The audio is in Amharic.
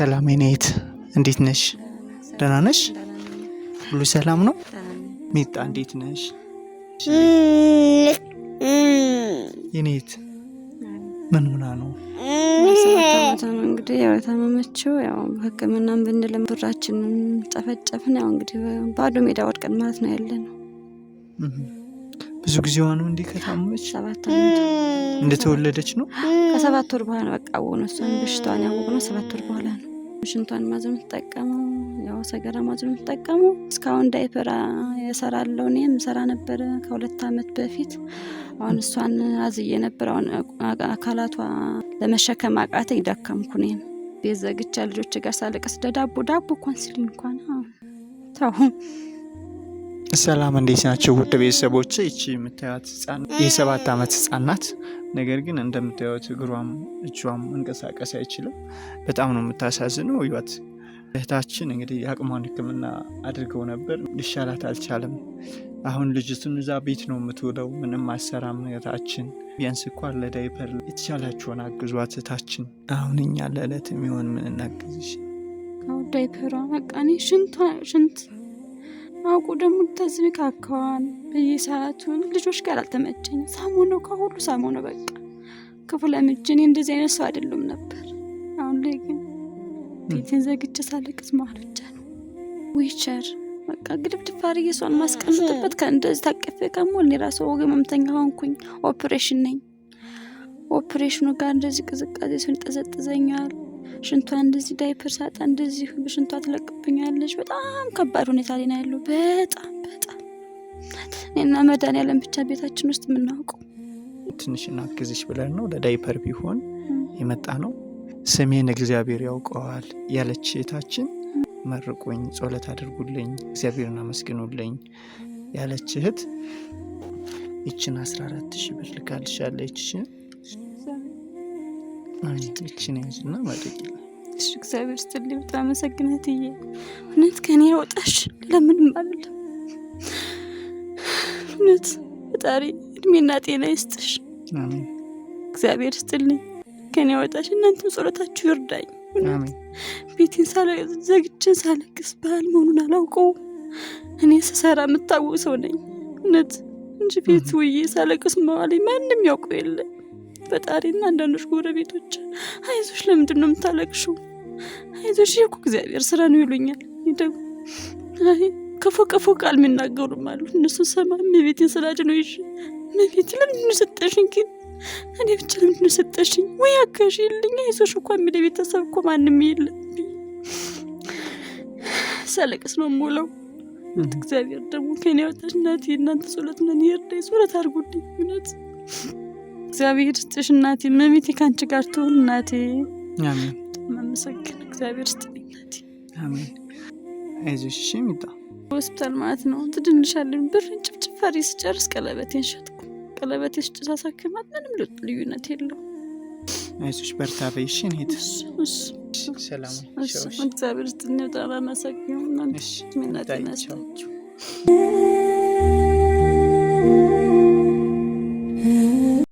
ሰላም ኔት እንዴት ነሽ? ደህና ነሽ? ሁሉ ሰላም ነው? ሚጣ እንዴት ነሽ? የኔት ምን ምና ነው እንግዲህ ያው የታመመችው ያው ህክምናን ብንልም ብራችንን ጨፈጨፍን። ያው እንግዲህ ባዶ ሜዳ ወድቀን ማለት ነው ያለ ነው። ብዙ ጊዜዋ ነው እንዴ ከታመች? እንደተወለደች ነው። ከሰባት ወር በኋላ በቃ አወቅነው። እሷን በሽታዋን ነው። ሰባት ወር በኋላ ነው። ሽንቷን ማዘም ትጠቀመው፣ ያው ሰገራ ማዘም ትጠቀመው። እስካሁን ዳይፐራ የሰራለው እኔም ሰራ ነበረ ከሁለት አመት በፊት። አሁን እሷን አዝዬ ነበር። አሁን አካላቷ ለመሸከም አቃተኝ፣ ደከምኩ። እኔም ቤት ዘግቻ ልጆች ጋር ሳለቀስ ደዳቦ ዳቦ ኮንስሊ እንኳን ተው ሰላም እንዴት ናቸው? ውድ ቤተሰቦች፣ ይቺ የምታዩት ህጻን የሰባት ዓመት ህጻን ናት። ነገር ግን እንደምታዩት እግሯም እጇም መንቀሳቀስ አይችልም። በጣም ነው የምታሳዝነው። ይወት እህታችን እንግዲህ የአቅሟን ሕክምና አድርገው ነበር፣ ሊሻላት አልቻለም። አሁን ልጅቱን እዛ ቤት ነው የምትውለው። ምንም አሰራም። እህታችን ቢያንስ እኳ ለዳይፐር የተቻላችሁን አግዟት። እህታችን አሁን እኛ ለዕለት የሚሆን ምን እናግዝሽ? ዳይፐሯ በቃ ሽንት አውቁ ደግሞ ተዝነካካዋን በየሰዓቱን ልጆች ጋር አልተመቸኝ። ሳሞነው ከሁሉ ሳሞነው በቃ ክፉ ለምጄ። እንደዚህ አይነት ሰው አይደሉም ነበር። አሁን ላይ ግን ቤትን ዘግቼ ሳለቅስ መዋል ብቻ ነው። ዊቸር በቃ ግድብድብ አድርጌ እሷን ማስቀምጥበት ከእንደዚህ ታቀፌ ከሞል የራሱ ወገ መምተኛ ሆንኩኝ። ኦፕሬሽን ነኝ። ኦፕሬሽኑ ጋር እንደዚህ ቅዝቃዜ ሲሆን ይጠዘጥዘኛል። ሽንቷ እንደዚህ ዳይፐር ሳጣ እንደዚህ በሽንቷ ትለቅብኛለች። በጣም ከባድ ሁኔታ ላይ ያለው። በጣም በጣም እኔና መድኃኒዓለም ብቻ ቤታችን ውስጥ የምናውቀው ትንሽ እናግዝሽ ብለን ነው ለዳይፐር ቢሆን የመጣ ነው። ስሜን እግዚአብሔር ያውቀዋል ያለች እህታችን መርቁኝ፣ ጸሎት አድርጉልኝ፣ እግዚአብሔርን አመስግኑልኝ ያለች እህት ይችን 14 ሺህ ብር ልካልሻለች። ይቺ ነች እና ማድረግ እሺ፣ እግዚአብሔር ስትል በጣም አመሰግናት። እዬ እውነት ከኔ ወጣሽ ለምንም አይደለም። እውነት ፈጣሪ እድሜና ጤና ይስጥሽ። እግዚአብሔር ስትልኝ ከኔ ወጣሽ። እናንተም ጸሎታችሁ ይርዳኝ። ቤቴን ዘግቼ ሳለቅስ ባህል መሆኑን አላውቀው። እኔ ስሰራ የምታወቅ ሰው ነኝ እውነት እንጂ ቤት ውዬ ሳለቅስ መዋሌ ማንም ያውቀው የለም። ፈጣሪና አንዳንዶች ጎረቤቶች አይዞሽ ለምንድን ነው የምታለቅሽው? አይዞሽ ይሄ እኮ እግዚአብሔር ስራ ነው ይሉኛል። ደግሞ ከፎቅ ከፎቅ ቃል የሚናገሩም አሉ። እነሱ ሰማ እመቤቴን ስላጭ ነው ይሽ እመቤቴ ለምንድን ነው ሰጠሽኝ? ግን እኔ ብቻ ለምንድን ነው ሰጠሽኝ? ወይ አጋሽ የለኝ አይዞሽ እኮ የሚለ ቤተሰብ እኮ ማንም የለም። ሳለቅስ ነው የምውለው። እግዚአብሔር ደግሞ ከኔ ያወጣሽ እናቴ። እናንተ ጸሎት ነን ይርዳይ ጸሎት አድርጉልኝ እውነት እግዚአብሔር ስጥሽ እናቴ። መቤቴ ከአንቺ ጋር ትሁን እናቴ። መመሰግን እግዚአብሔር ስጥ እናቴ። አይዞሽ እሺ። ሚጣ ሆስፒታል ማለት ነው ትድንሻለን። ብርን ጭፍጭፋሪ ስጨርስ ቀለበቴን ሸጥኩ። ቀለበቴ ስጭሳሳክማት ምንም ልዩነት የለው። አይዞሽ በርታ በይ እሺ። እንሂድ። ሰላም እግዚአብሔር ስጥ። በጣም አመሰግናለሁ እናቴ።